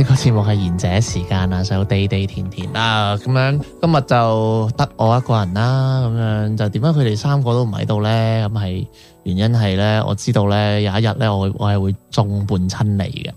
呢個節目係賢者時間啊，就地地甜甜啦，咁樣今日就得我一個人啦，咁樣就點解佢哋三個都唔喺度咧？咁係原因係咧，我知道咧有一日咧，我我係會眾叛親離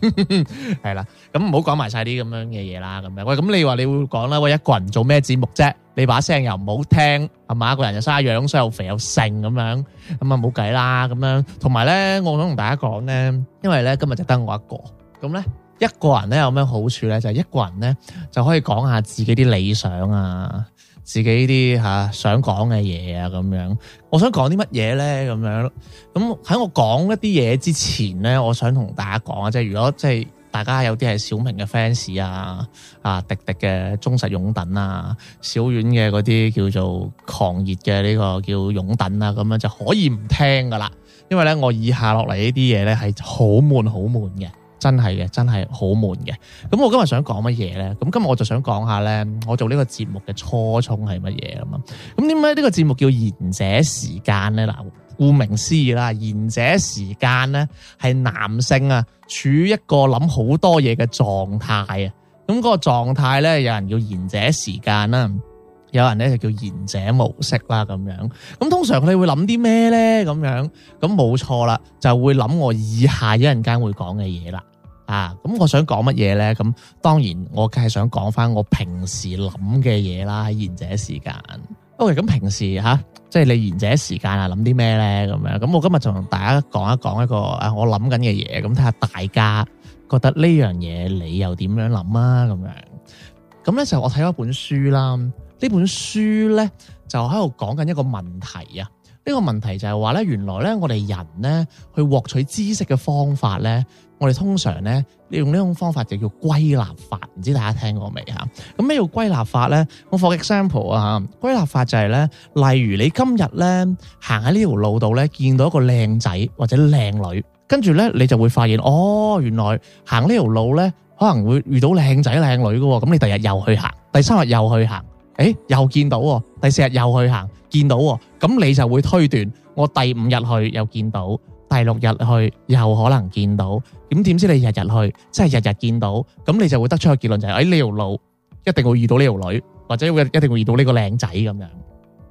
嘅，係啦。咁唔好講埋晒啲咁樣嘅嘢啦。咁樣喂，咁你話你會講啦？喂，一個人做咩節目啫？你把聲又唔好聽，係咪？一個人又傻樣，又肥又剩咁樣，咁啊冇計啦。咁樣同埋咧，我想同大家講咧，因為咧今日就得我一個。咁咧，一個人咧有咩好處咧？就係、是、一個人咧就可以講下自己啲理想啊，自己啲嚇、啊、想講嘅嘢啊，咁樣。我想講啲乜嘢咧？咁樣咁喺我講一啲嘢之前咧，我想同大家講啊，即係如果即係大家有啲係小明嘅 fans 啊，啊迪迪嘅忠實擁躉啊，小遠嘅嗰啲叫做狂熱嘅呢個叫擁躉啊，咁樣就可以唔聽噶啦，因為咧我以下落嚟呢啲嘢咧係好悶，好悶，好悶嘅。真係嘅，真係好悶嘅。咁我今日想講乜嘢呢？咁今日我就想講下呢，我做呢個節目嘅初衷係乜嘢咁啊？咁點解呢個節目叫賢者時間呢？嗱，顧名思義啦，賢者時間呢係男性啊，處於一個諗好多嘢嘅狀態啊。咁、那、嗰個狀態呢，有人叫賢者時間啦、啊，有人呢就叫賢者模式啦、啊，咁樣。咁通常你會諗啲咩呢？咁樣咁冇錯啦，就會諗我以下一陣間會講嘅嘢啦。啊，咁我想講乜嘢呢？咁當然，我梗係想講翻我平時諗嘅嘢啦。賢者時間，喂，咁平時吓，即、啊、係、就是、你賢者時間啊，諗啲咩呢？咁樣，咁我今日就同大家講一講一個、啊、我諗緊嘅嘢，咁睇下大家覺得呢樣嘢你又點樣諗啊？咁樣，咁呢就我睇咗本書啦。呢本書呢，就喺度講緊一個問題啊。呢、呢個問題就係話呢，原來呢，我哋人呢，去獲取知識嘅方法呢。我哋通常咧，用呢種方法就叫歸納法，唔知大家聽過未吓？咁咩叫歸納法咧？我放個 example 啊吓，歸納法就係咧，例如你今日咧行喺呢條路度咧，見到一個靚仔或者靚女，跟住咧你就會發現，哦，原來行呢條路咧可能會遇到靚仔靚女嘅。咁你第日又去行，第三日又去行，誒，又見到，第四日又去行，見到，咁你就會推斷，我第五日去又見到。第六日去又可能見到，咁點知你日日去，即係日日見到，咁你就會得出個結論就係，哎呢條路一定會遇到呢條女，或者一定會遇到呢個靚仔咁樣。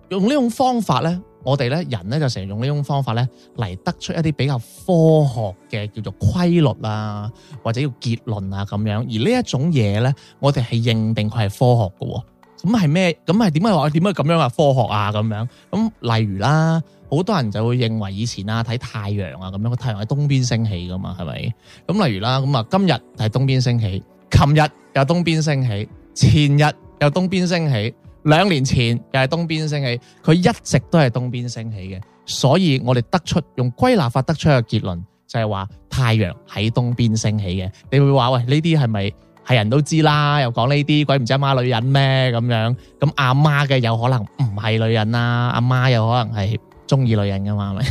用呢種方法咧，我哋咧人咧就成日用呢種方法咧嚟得出一啲比較科學嘅，叫做規律啊，或者叫結論啊咁樣。而呢一種嘢咧，我哋係認定佢係科學嘅喎。咁係咩？咁係點解話點解咁樣啊？科學啊咁樣。咁例如啦。好多人就會認為以前啊睇太陽啊咁樣，個太陽喺東邊升起㗎嘛，係咪？咁、嗯、例如啦，咁啊今日係東邊升起，琴日又東邊升起，前日又東邊升起，兩年前又係東邊升起，佢一直都係東邊升起嘅。所以我哋得出用歸納法得出嘅結論就係、是、話太陽喺東邊升起嘅。你會話喂，呢啲係咪係人都知啦？又講呢啲鬼唔知阿媽，媽女人咩咁樣？咁阿媽嘅有可能唔係女人啦，阿媽有可能係。中意女人噶嘛？係 咪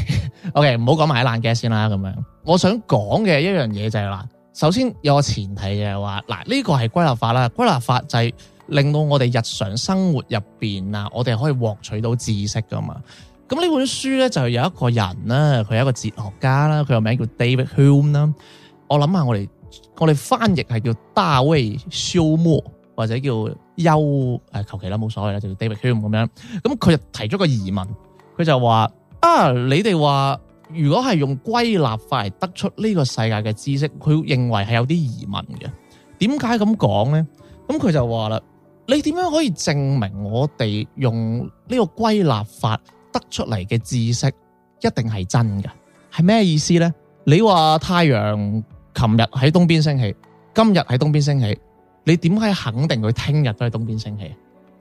？OK，唔好講埋啲爛 gag 先啦。咁樣，我想講嘅一樣嘢就係啦。首先有個前提就係話，嗱呢個係歸納法啦。歸納法就係令到我哋日常生活入邊啊，我哋可以獲取到知識噶嘛。咁呢本書咧就有一個人啦，佢係一個哲學家啦，佢個名叫 David Hume 啦。我諗下我哋我哋翻譯係叫 Darwy 大衛休謨，或者叫休誒、啊，求其啦，冇所謂啦，就叫 David Hume 咁樣。咁佢就提咗個疑問。佢就話啊，你哋話如果係用歸納法嚟，得出呢個世界嘅知識，佢認為係有啲疑問嘅。點解咁講呢？咁佢就話啦，你點樣可以證明我哋用呢個歸納法得出嚟嘅知識一定係真嘅？係咩意思呢？你話太陽琴日喺東邊升起，今日喺東邊升起，你點可以肯定佢聽日都喺東邊升起？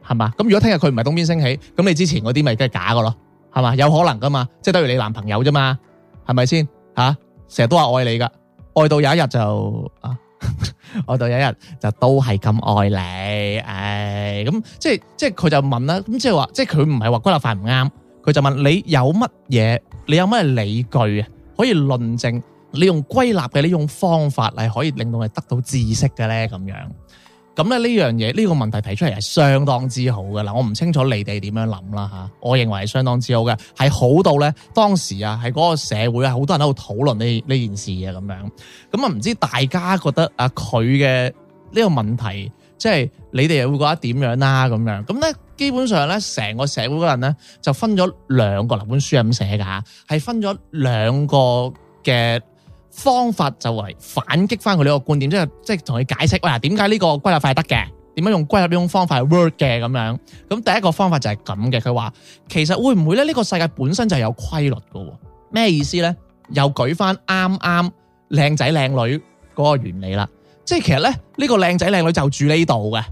係嘛？咁如果聽日佢唔係東邊升起，咁你之前嗰啲咪都係假噶咯？係嘛？有可能噶嘛？即係等於你男朋友啫嘛？係咪先吓？成、啊、日都話愛你噶，愛到有一日就啊， 愛到有一日就都係咁愛你。唉、哎，咁、嗯、即係即係佢就問啦，咁即係話，即係佢唔係話歸納法唔啱，佢就問你有乜嘢？你有乜理據啊？可以論證你用歸納嘅呢種方法係可以令到你得到知識嘅咧？咁樣。咁咧呢樣嘢呢、呢個問題提出嚟係相當之好嘅嗱，我唔清楚你哋點樣諗啦嚇，我認為係相當之好嘅，係好到咧當時啊喺嗰個社會啊，好多人喺度討論呢呢件事嘅咁樣。咁啊唔知大家覺得啊佢嘅呢個問題，即係你哋又會覺得點樣啦、啊、咁樣？咁、嗯、咧基本上咧成個社會嗰人咧就分咗兩個，立本書係咁寫㗎嚇，係分咗兩個嘅。方法就係反擊翻佢呢個觀點，即係即係同佢解釋，喂，點解呢個歸納法得嘅？點樣用歸納呢種方法係 work 嘅咁樣？咁第一個方法就係咁嘅，佢話其實會唔會咧？呢個世界本身就係有規律噶，咩意思咧？又舉翻啱啱靚仔靚女嗰個原理啦，即係其實咧呢，呢個靚仔靚女就住呢度嘅，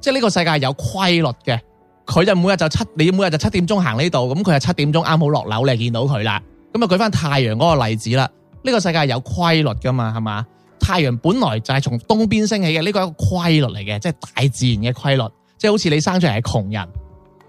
即係呢個世界有規律嘅，佢就每日就七，你每日就七點鐘行呢度，咁佢係七點鐘啱好落樓，你係見到佢啦。咁啊舉翻太陽嗰個例子啦。呢個世界有規律噶嘛，係嘛？太陽本來就係從東邊升起嘅，呢個係一個規律嚟嘅，即係大自然嘅規律。即係好似你生出嚟係窮人，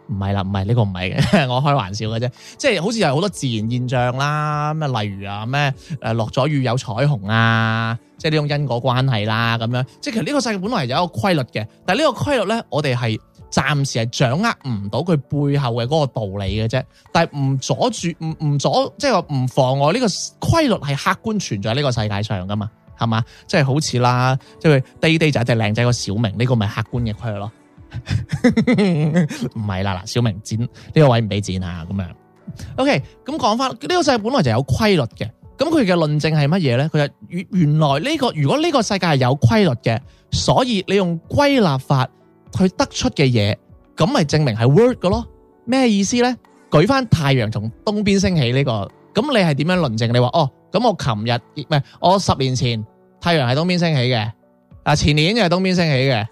唔係啦，唔係呢個唔係嘅， 我開玩笑嘅啫。即係好似有好多自然現象啦，咁例如啊咩誒落咗雨有彩虹啊，即係呢種因果關係啦，咁樣。即係其實呢個世界本來係有一個規律嘅，但係呢個規律咧，我哋係。暫時係掌握唔到佢背後嘅嗰個道理嘅啫，但係唔阻住，唔唔阻，即係唔妨礙呢個規律係客觀存在呢個世界上噶嘛，係嘛？即係好似啦，即係佢 D 就一隻靚仔個小明，呢個咪客觀嘅規律咯。唔 係啦，嗱，小明剪呢個位唔俾剪啊，咁樣。OK，咁講翻呢個世界本來就有規律嘅，咁佢嘅論證係乜嘢咧？佢就原原來呢個如果呢個世界係有規律嘅，所以你用歸納法。佢得出嘅嘢，咁咪證明係 work 嘅咯。咩意思咧？舉翻太陽從東邊升起呢個，咁你係點樣論證？你話哦，咁我琴日唔係我十年前太陽喺東邊升起嘅，啊前年又係東邊升起嘅，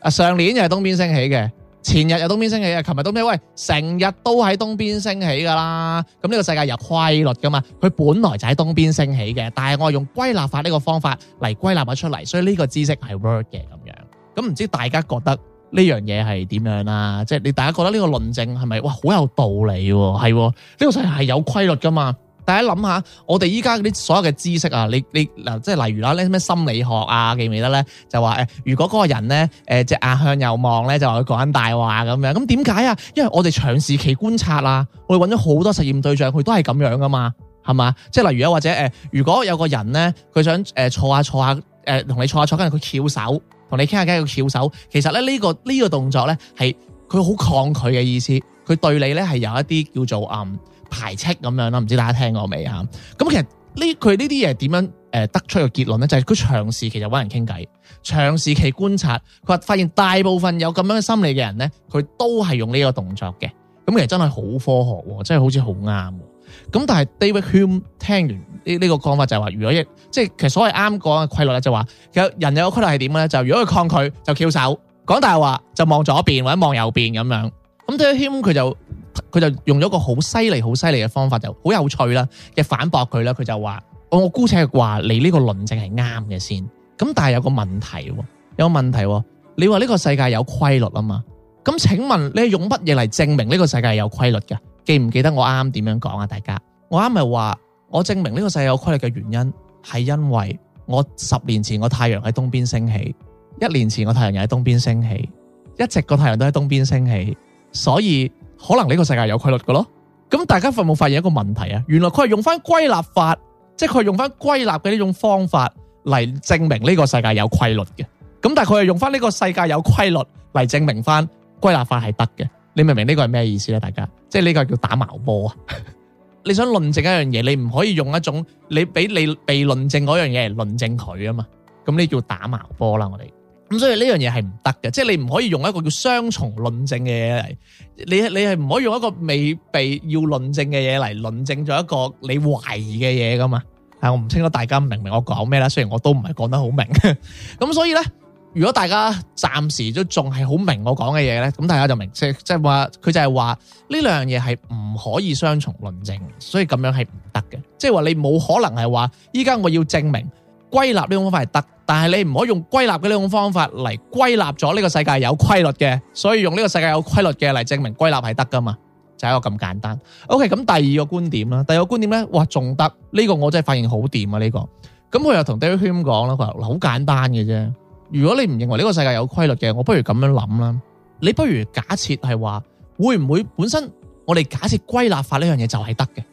啊上年又係東邊升起嘅，前日又東邊升起嘅，琴日東邊，喂，成日都喺東邊升起噶啦。咁呢個世界有規律噶嘛？佢本來就喺東邊升起嘅，但係我用歸納法呢個方法嚟歸納咗出嚟，所以呢個知識係 work 嘅咁樣。咁唔知大家覺得？呢樣嘢係點樣啦？即係你大家覺得呢個論證係咪哇好有道理喎、啊？係喎，呢個世界係有規律噶嘛？大家諗下，我哋依家嗰啲所有嘅知識啊，你你嗱，即係例如啦，呢咩心理學啊記唔記得咧？就話誒、呃，如果嗰個人咧誒、呃、隻眼向右望咧，就話佢講緊大話咁樣。咁點解啊？因為我哋長時期觀察啦，我哋揾咗好多實驗對象，佢都係咁樣噶嘛，係嘛？即係例如啊，或者誒、呃，如果有個人咧，佢想誒、呃、坐下坐下誒同、呃、你坐下坐下，跟住佢翹手。同你傾下偈，一個翹手，其實咧、呢、呢個呢、呢個動作咧係佢好抗拒嘅意思，佢對你咧係有一啲叫做啊、嗯、排斥咁樣啦，唔知大家聽過未吓？咁其實呢佢呢啲嘢點樣誒得出個結論咧？就係佢長時期就揾人傾偈，長時期觀察，佢話發現大部分有咁樣嘅心理嘅人咧，佢都係用呢個動作嘅。咁其實真係好科學喎，真係好似好啱喎。咁但係 David Hume 聽完呢呢個講法就係話，如果一即係其實所謂啱講嘅規律咧，就話其實人有個規律係點咧？就如果佢抗拒，就翹手；講大話，就望左邊或者望右邊咁樣。咁 David Hume 佢就佢就用咗一個好犀利、好犀利嘅方法，就好有趣啦嘅反駁佢啦。佢就話：Oh，我姑且話你呢個論證係啱嘅先。咁但係有個問題，有個問題。你話呢個世界有規律啊嘛？咁，請問你係用乜嘢嚟證明呢個世界有規律噶記唔記得我啱啱點樣講啊？大家，我啱咪話我證明呢個世界有規律嘅原因係因為我十年前個太陽喺東邊升起，一年前個太陽又喺東邊升起，一直個太陽都喺東邊升起，所以可能呢個世界有規律噶咯。咁大家發冇發現一個問題啊？原來佢係用翻歸納法，即係佢係用翻歸納嘅呢種方法嚟證明呢個世界有規律嘅。咁但係佢係用翻呢個世界有規律嚟證明翻。歸納法係得嘅，你明唔明呢個係咩意思咧？大家，即係呢個叫打矛波啊！你想論證一樣嘢，你唔可以用一種你俾你被論證嗰樣嘢嚟論證佢啊嘛？咁呢叫打矛波啦，我哋咁所以呢樣嘢係唔得嘅，即係你唔可以用一個叫雙重論證嘅嘢嚟，你你係唔可以用一個未被要論證嘅嘢嚟論證咗一個你懷疑嘅嘢噶嘛？係我唔清楚大家明唔明我講咩啦？雖然我都唔係講得好明，咁所以咧。如果大家暫時都仲係好明我講嘅嘢咧，咁大家就明即即係話佢就係話呢兩樣嘢係唔可以雙重論證，所以咁樣係唔得嘅。即係話你冇可能係話依家我要證明歸納呢種方法係得，但係你唔可以用歸納嘅呢種方法嚟歸納咗呢個世界有規律嘅，所以用呢個世界有規律嘅嚟證明歸納係得噶嘛？就係、是、一個咁簡單。OK，咁第二個觀點啦，第二個觀點咧，哇仲得呢個我真係發現好掂啊！呢、這個咁佢又同 David Hume 講啦，佢話好簡單嘅啫。如果你唔認為呢個世界有規律嘅，我不如咁樣諗啦。你不如假設係話，會唔會本身我哋假設歸納法呢樣嘢就係得嘅？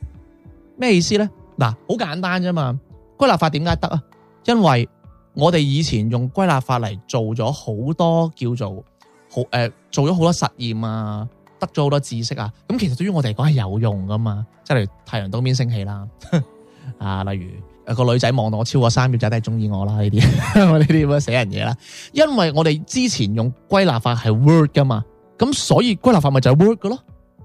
咩意思呢？嗱，好簡單啫嘛。歸納法點解得啊？因為我哋以前用歸納法嚟做咗好多叫做好誒、呃，做咗好多實驗啊，得咗好多知識啊。咁其實對於我哋嚟講係有用噶嘛？即係例如太陽東邊升起啦， 啊，例如。個女仔望到我超過三秒仔，都係中意我啦。呢啲我呢啲咁嘅死人嘢啦。因為我哋之前用歸納法係 work 噶嘛，咁所以歸納法咪就係 work 咯。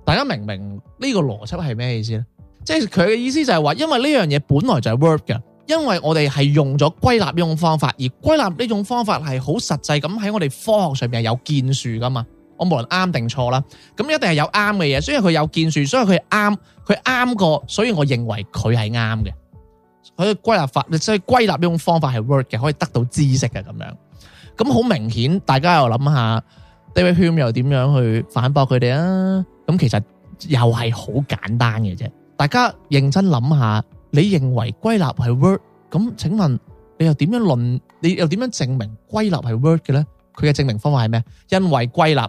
大家明唔明呢個邏輯係咩意思咧？即係佢嘅意思就係話，因為呢樣嘢本來就係 work 噶。因為我哋係用咗歸納呢種方法，而歸納呢種方法係好實際咁喺我哋科學上面係有建樹噶嘛。我無論啱定錯啦，咁一定係有啱嘅嘢。所以佢有建樹，所以佢啱，佢啱過，所以我認為佢係啱嘅。佢嘅歸納法，所以歸納呢種方法係 work 嘅，可以得到知識嘅咁樣。咁好明顯，大家又諗下 David Hume 又點樣去反駁佢哋啊？咁其實又係好簡單嘅啫。大家認真諗下，你認為歸納係 work 咁？請問你又點樣論？你又點樣證明歸納係 work 嘅咧？佢嘅證明方法係咩？因為歸納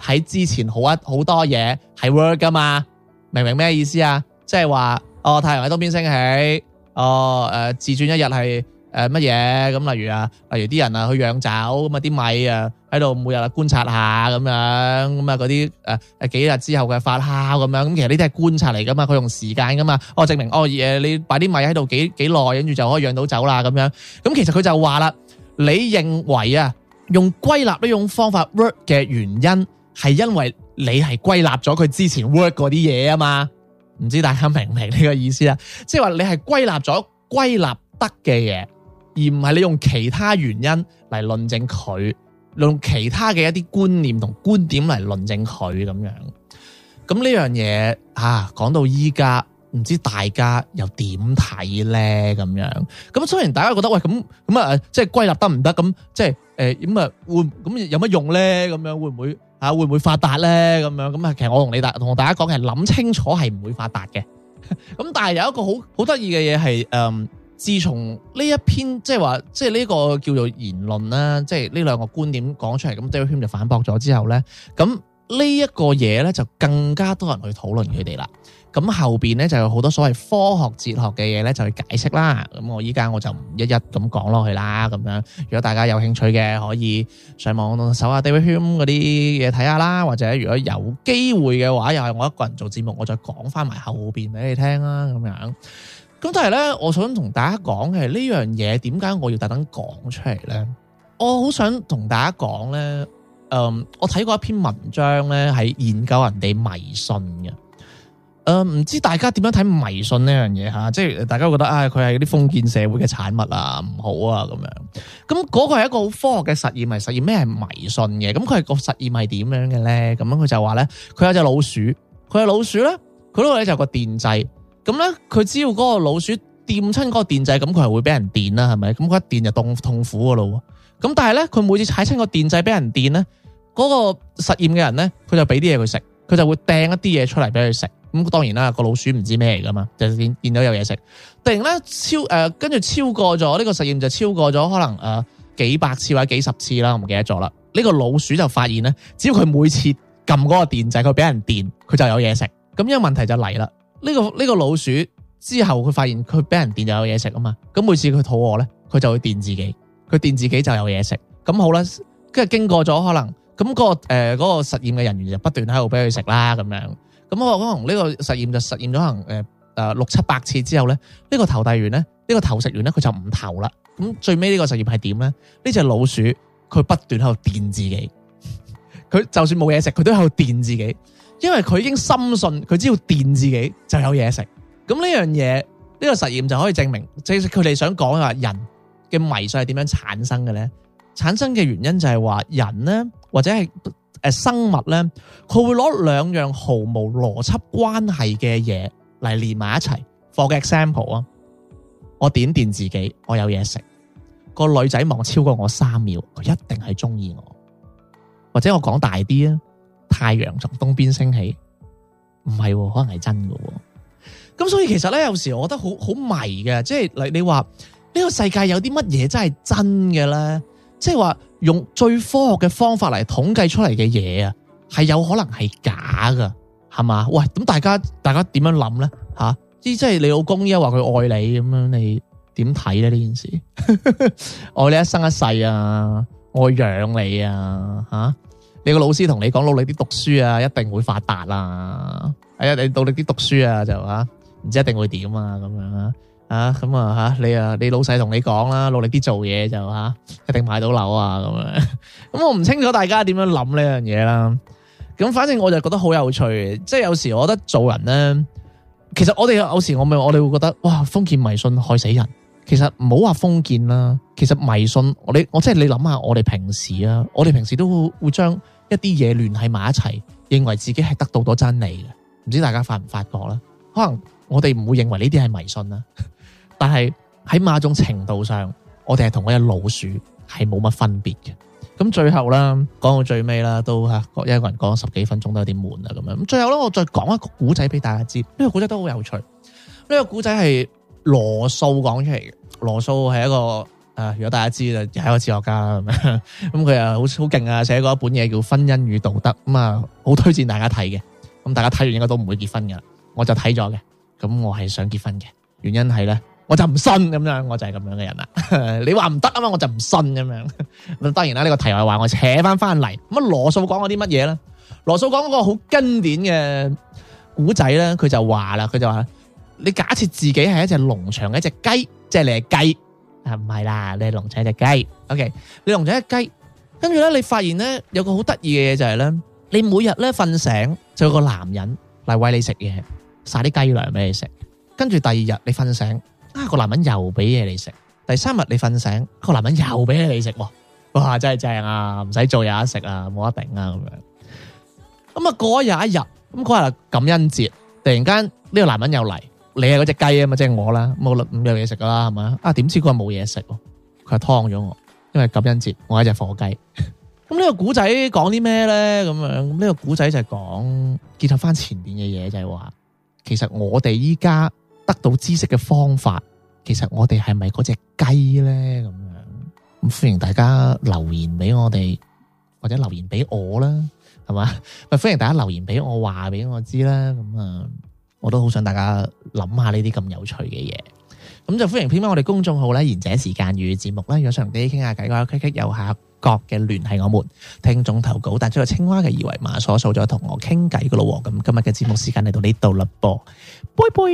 喺之前好一好多嘢係 work 噶嘛，明唔明咩意思啊？即係話哦，太陽喺東邊升起。哦，誒，自轉一日係誒乜嘢？咁例如啊，例如啲人啊去釀酒，咁啊啲米啊喺度每日啊觀察下咁樣，咁啊嗰啲誒誒幾日之後嘅發酵咁樣，咁其實呢啲係觀察嚟噶嘛，佢用時間噶嘛，哦證明哦，誒、呃、你擺啲米喺度幾幾耐，跟住就可以釀到酒啦咁樣。咁、嗯、其實佢就話啦，你認為啊用歸納呢種方法 work 嘅原因，係因為你係歸納咗佢之前 work 嗰啲嘢啊嘛。唔知大家明唔明呢個意思啊？即係話你係歸納咗歸納得嘅嘢，而唔係你用其他原因嚟論證佢，用其他嘅一啲觀念同觀點嚟論證佢咁樣。咁呢樣嘢啊，講到依家，唔知大家又點睇咧？咁樣咁，雖然大家覺得喂咁咁啊，即係歸納得唔得？咁即係誒咁啊，會咁有乜用咧？咁樣會唔會？啊，會唔會發達咧？咁樣咁啊，其實我同你大同大家講係諗清楚係唔會發達嘅。咁 但係有一個好好得意嘅嘢係，誒、嗯，自從呢一篇即係話即係呢個叫做言論啦，即係呢兩個觀點講出嚟，咁 David Hume 就反駁咗之後咧，咁。呢一個嘢咧就更加多人去討論佢哋啦。咁後邊咧就有好多所謂科學哲學嘅嘢咧，就去解釋啦。咁我依家我就唔一一咁講落去啦。咁樣，如果大家有興趣嘅，可以上網搜下 David Hume 嗰啲嘢睇下啦。或者如果有機會嘅話，又係我一個人做節目，我再講翻埋後邊俾你聽啦。咁樣，咁但係咧，我想同大家講嘅呢樣嘢，點解我要特登講出嚟咧？我好想同大家講咧。嗯，我睇過一篇文章咧，係研究人哋迷信嘅。誒、嗯，唔知大家點樣睇迷信呢樣嘢吓？即係大家覺得啊，佢係啲封建社會嘅產物啊，唔好啊咁樣。咁、嗯、嗰、嗰個係一個好科學嘅實驗嚟，實驗咩係迷信嘅？咁佢係個實驗係點樣嘅咧？咁樣佢就話咧，佢有隻老鼠，佢隻老鼠咧，佢嗰度咧就有個電掣，咁咧佢只要嗰個老鼠掂親嗰個電掣，咁佢係會俾人電啦，係咪？咁、嗯、佢一電就凍痛苦噶咯。咁、嗯、但係咧，佢每次踩親個電掣俾人電咧。嗰個實驗嘅人咧，佢就俾啲嘢佢食，佢就會掟一啲嘢出嚟俾佢食。咁當然啦，個老鼠唔知咩嚟噶嘛，就見見到有嘢食。突然咧，超誒，跟、呃、住超過咗呢個實驗就超過咗可能誒、呃、幾百次或者幾十次啦，我唔記得咗啦。呢個老鼠就發現咧，只要佢每次撳嗰個電掣，佢俾人電，佢就有嘢食。咁一個問題就嚟啦，呢個呢個老鼠之後佢發現佢俾人電就有嘢食啊嘛。咁每次佢肚餓咧，佢就會電自己，佢電自己就有嘢食。咁好啦，跟住經過咗可能。咁嗰、那個誒、呃那個實驗嘅人員就不斷喺度俾佢食啦，咁樣咁我、嗯、可能呢個實驗就實驗咗可能誒誒、呃呃、六七百次之後咧，呢、這個投遞員咧，呢、這個投食員咧，佢就唔投啦。咁、嗯、最尾呢個實驗係點咧？呢隻老鼠佢不斷喺度電自己，佢 就算冇嘢食，佢都喺度電自己，因為佢已經深信佢只要電自己就有嘢食。咁呢樣嘢呢個實驗就可以證明，即佢哋想講話人嘅迷信係點樣產生嘅咧？產生嘅原因就係話人咧。或者係誒生物咧，佢會攞兩樣毫無邏輯關係嘅嘢嚟連埋一齊。For example 啊，我點電自己，我有嘢食。個女仔望超過我三秒，佢一定係中意我。或者我講大啲啊，太陽從東邊升起，唔係啊，可能係真嘅啊。咁所以其實咧，有時我覺得好好迷嘅，即係你你話呢個世界有啲乜嘢真係真嘅咧？即係話用最科學嘅方法嚟統計出嚟嘅嘢啊，係有可能係假噶，係嘛？喂，咁大家大家點樣諗咧？吓、啊，即係你老公而家話佢愛你咁樣，你點睇咧呢件事？ 愛你一生一世啊，愛養你啊，吓、啊，你個老師同你講努力啲讀書啊，一定會發達啊。哎呀，你努力啲讀書啊，就啊，唔知一定會點啊，咁樣啊。啊，咁啊，吓你啊，你老細同你講啦，努力啲做嘢，就吓，一定買到樓啊咁樣。咁我唔清楚大家點樣諗呢樣嘢啦。咁反正我就覺得好有趣，即係有時我覺得做人呢，其實我哋有時我咪我哋會覺得哇，封建迷信害死人。其實唔好話封建啦，其實迷信，我你我即係你諗下，我哋平時啊，我哋平時都會將一啲嘢聯繫埋一齊，認為自己係得到咗真理嘅。唔知大家發唔發覺啦？可能我哋唔會認為呢啲係迷信啊。但係喺某一種程度上，我哋係同嗰隻老鼠係冇乜分別嘅。咁最後啦，講到最尾啦，都吓一個一個人講咗十幾分鐘，都有啲悶啦咁樣。咁最後咧，我再講一個古仔俾大家知，呢、這個古仔都好有趣。呢、這個古仔係羅素講出嚟嘅。羅素係一個誒、啊，如果大家知啦，又係一個哲學家咁樣。咁佢啊好好勁啊，寫過一本嘢叫《婚姻與道德》咁啊，好、嗯、推薦大家睇嘅。咁大家睇完應該都唔會結婚噶啦。我就睇咗嘅，咁我係想結婚嘅，原因係咧。我就唔信咁樣，我就係咁樣嘅人、 這個就是是啊、啦。你話唔得啊嘛，我就唔信咁樣。咁當然啦，呢個題外話，我扯翻翻嚟。咁阿羅素講咗啲乜嘢咧？羅素講嗰個好經典嘅古仔咧，佢就話啦，佢就話你假設自己係一隻農場嘅一隻雞，即係你係雞啊，唔係啦，你係農場一隻雞。OK，你農場一隻雞，跟住咧，你發現咧，有個好得意嘅嘢就係、是、咧，你每日咧瞓醒就有個男人嚟餵你食嘢，撒啲雞糧俾你食。跟住第二日你瞓醒。啊！個男人又俾嘢你食，第三日你瞓醒，個男人又俾嘢你食喎，哇！真係正啊，唔使做有得食啊，冇得頂啊咁樣。咁啊過咗又一日，咁佢話感恩節，突然間呢、這個男人又嚟，你係嗰隻雞啊嘛，即係我啦，冇啦，咁有嘢食噶啦係嘛？啊點知佢話冇嘢食，佢係劏咗我，因為感恩節我係隻火雞。咁 呢個古仔講啲咩咧？咁樣呢個古仔就係講結合翻前面嘅嘢，就係、是、話其實我哋依家。得到知識嘅方法，其實我哋係咪嗰隻雞咧咁樣？咁歡迎大家留言俾我哋，或者留言俾我啦，係嘛？咪 歡迎大家留言俾我話俾我知啦，咁啊，我都好想大家諗下呢啲咁有趣嘅嘢。咁就歡迎 pick 翻我哋公眾號啦，賢者時間語節目啦，如果想同啲傾下偈，或者傾傾遊客。各嘅聯繫，我哋聽眾投稿，帶咗個青蛙嘅二維碼，所掃咗同我傾偈嘅咯喎。咁今日嘅節目時間嚟到呢度啦噃，拜拜。